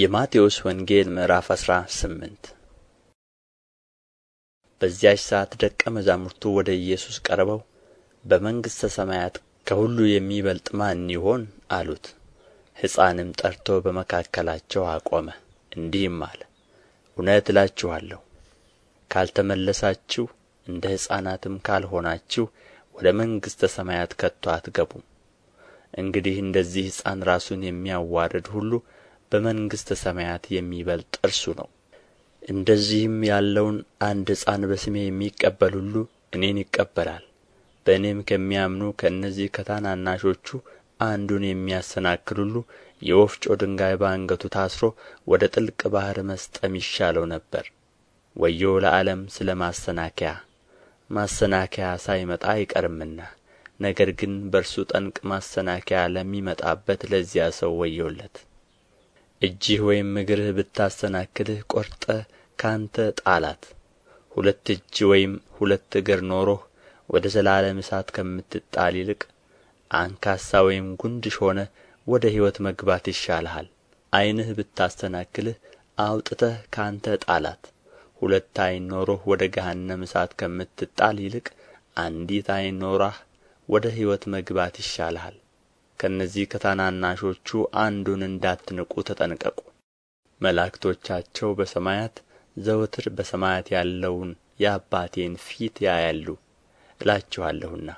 የማቴዎስ ወንጌል ምዕራፍ አስራ ስምንት በዚያች ሰዓት ደቀ መዛሙርቱ ወደ ኢየሱስ ቀርበው በመንግሥተ ሰማያት ከሁሉ የሚበልጥ ማን ይሆን አሉት። ሕፃንም ጠርቶ በመካከላቸው አቆመ፣ እንዲህም አለ። እውነት እላችኋለሁ ካልተመለሳችሁ እንደ ሕፃናትም ካልሆናችሁ ወደ መንግሥተ ሰማያት ከቶ አትገቡም። እንግዲህ እንደዚህ ሕፃን ራሱን የሚያዋርድ ሁሉ በመንግሥተ ሰማያት የሚበልጥ እርሱ ነው እንደዚህም ያለውን አንድ ሕፃን በስሜ የሚቀበል ሁሉ እኔን ይቀበላል በእኔም ከሚያምኑ ከእነዚህ ከታናናሾቹ አንዱን የሚያሰናክል ሁሉ የወፍጮ ድንጋይ በአንገቱ ታስሮ ወደ ጥልቅ ባሕር መስጠም ይሻለው ነበር ወዮ ለዓለም ስለ ማሰናከያ ማሰናከያ ሳይመጣ አይቀርምና ነገር ግን በእርሱ ጠንቅ ማሰናከያ ለሚመጣበት ለዚያ ሰው ወዮለት እጅህ ወይም እግርህ ብታሰናክልህ ቈርጠህ ከአንተ ጣላት ሁለት እጅ ወይም ሁለት እግር ኖሮህ ወደ ዘላለም እሳት ከምትጣል ይልቅ አንካሳ ወይም ጉንድሽ ሆነህ ወደ ሕይወት መግባት ይሻልሃል ዓይንህ ብታሰናክልህ አውጥተህ ከአንተ ጣላት ሁለት ዓይን ኖሮህ ወደ ገሃነም እሳት ከምትጣል ይልቅ አንዲት ዓይን ኖራህ ወደ ሕይወት መግባት ይሻልሃል ከእነዚህ ከታናናሾቹ አንዱን እንዳትንቁ ተጠንቀቁ መላእክቶቻቸው በሰማያት ዘወትር በሰማያት ያለውን የአባቴን ፊት ያያሉ እላችኋለሁና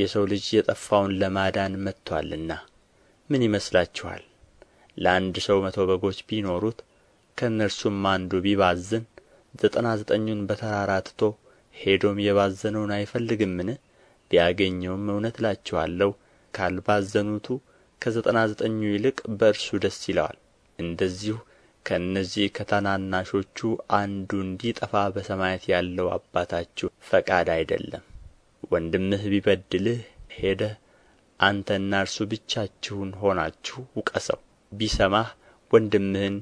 የሰው ልጅ የጠፋውን ለማዳን መጥቶአልና ምን ይመስላችኋል ለአንድ ሰው መቶ በጎች ቢኖሩት ከእነርሱም አንዱ ቢባዝን ዘጠና ዘጠኙን በተራራ ትቶ ሄዶም የባዘነውን አይፈልግምን ቢያገኘውም እውነት እላችኋለሁ ካልባዘኑቱ ከዘጠና ዘጠኙ ይልቅ በእርሱ ደስ ይለዋል እንደዚሁ ከእነዚህ ከታናናሾቹ አንዱ እንዲጠፋ በሰማያት ያለው አባታችሁ ፈቃድ አይደለም ወንድምህ ቢበድልህ ሄደህ አንተና እርሱ ብቻችሁን ሆናችሁ ውቀሰው ቢሰማህ ወንድምህን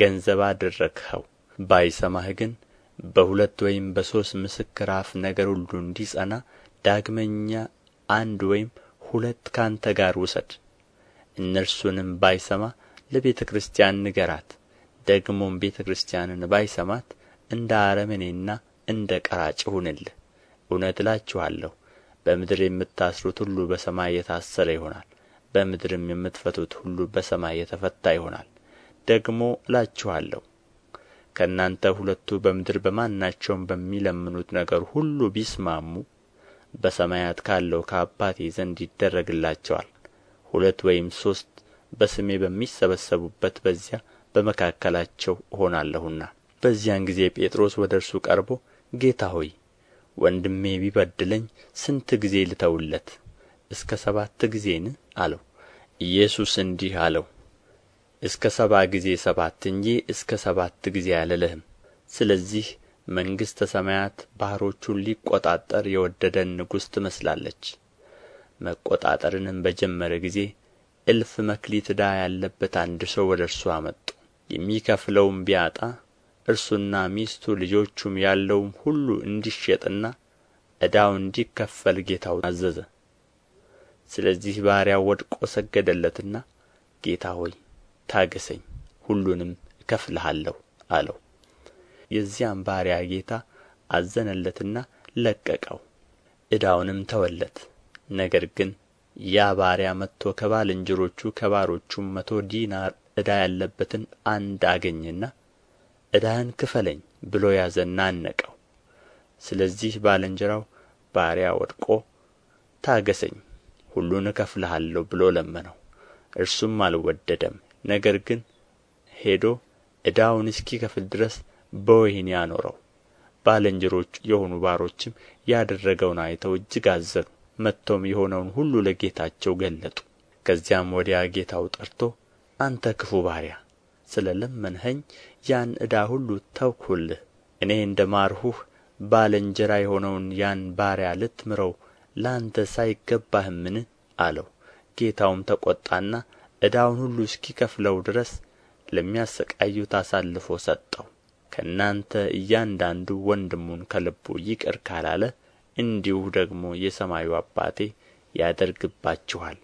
ገንዘብ አደረግኸው ባይሰማህ ግን በሁለት ወይም በሦስት ምስክር አፍ ነገር ሁሉ እንዲጸና ዳግመኛ አንድ ወይም ሁለት ካንተ ጋር ውሰድ እነርሱንም ባይሰማ ለቤተ ክርስቲያን ንገራት ደግሞም ቤተ ክርስቲያንን ባይሰማት እንደ አረመኔና እንደ ቀራጭ ሁንልህ እውነት እላችኋለሁ በምድር የምታስሩት ሁሉ በሰማይ የታሰረ ይሆናል በምድርም የምትፈቱት ሁሉ በሰማይ የተፈታ ይሆናል ደግሞ እላችኋለሁ ከእናንተ ሁለቱ በምድር በማናቸውም በሚለምኑት ነገር ሁሉ ቢስማሙ በሰማያት ካለው ከአባቴ ዘንድ ይደረግላቸዋል ሁለት ወይም ሦስት በስሜ በሚሰበሰቡበት በዚያ በመካከላቸው እሆናለሁና በዚያን ጊዜ ጴጥሮስ ወደ እርሱ ቀርቦ ጌታ ሆይ ወንድሜ ቢበድለኝ ስንት ጊዜ ልተውለት እስከ ሰባት ጊዜን አለው ኢየሱስ እንዲህ አለው እስከ ሰባ ጊዜ ሰባት እንጂ እስከ ሰባት ጊዜ አልልህም ስለዚህ መንግሥተ ሰማያት ባሕሮቹን ሊቆጣጠር የወደደን ንጉሥ ትመስላለች መቆጣጠርንም በጀመረ ጊዜ እልፍ መክሊት ዕዳ ያለበት አንድ ሰው ወደ እርሱ አመጡ የሚከፍለውም ቢያጣ እርሱና ሚስቱ ልጆቹም ያለውም ሁሉ እንዲሸጥና ዕዳው እንዲከፈል ጌታው አዘዘ። ስለዚህ ባሪያው ወድቆ ሰገደለትና ጌታ ሆይ ታገሰኝ፣ ሁሉንም እከፍልሃለሁ አለው። የዚያም ባሪያ ጌታ አዘነለትና ለቀቀው ዕዳውንም ተወለት ነገር ግን ያ ባሪያ መጥቶ ከባልንጀሮቹ ከባሮቹም መቶ ዲናር ዕዳ ያለበትን አንድ አገኘና ዕዳህን ክፈለኝ ብሎ ያዘና አነቀው ስለዚህ ባልንጀራው ባሪያ ወድቆ ታገሰኝ ሁሉን እከፍልሃለሁ ብሎ ለመነው እርሱም አልወደደም ነገር ግን ሄዶ ዕዳውን እስኪከፍል ድረስ በወህኒ አኖረው ባልንጀሮቹ የሆኑ ባሮችም ያደረገውን አይተው እጅግ አዘኑ መጥተውም የሆነውን ሁሉ ለጌታቸው ገለጡ ከዚያም ወዲያ ጌታው ጠርቶ አንተ ክፉ ባሪያ ስለ ለመንኸኝ ያን ዕዳ ሁሉ ተውሁልህ እኔ እንደ ማርሁህ ባልንጀራ የሆነውን ያን ባሪያ ልትምረው ለአንተ ሳይገባህምን አለው ጌታውም ተቈጣና ዕዳውን ሁሉ እስኪከፍለው ድረስ ለሚያሠቃዩት አሳልፎ ሰጠው ከእናንተ እያንዳንዱ ወንድሙን ከልቡ ይቅር ካላለ እንዲሁ ደግሞ የሰማዩ አባቴ ያደርግባችኋል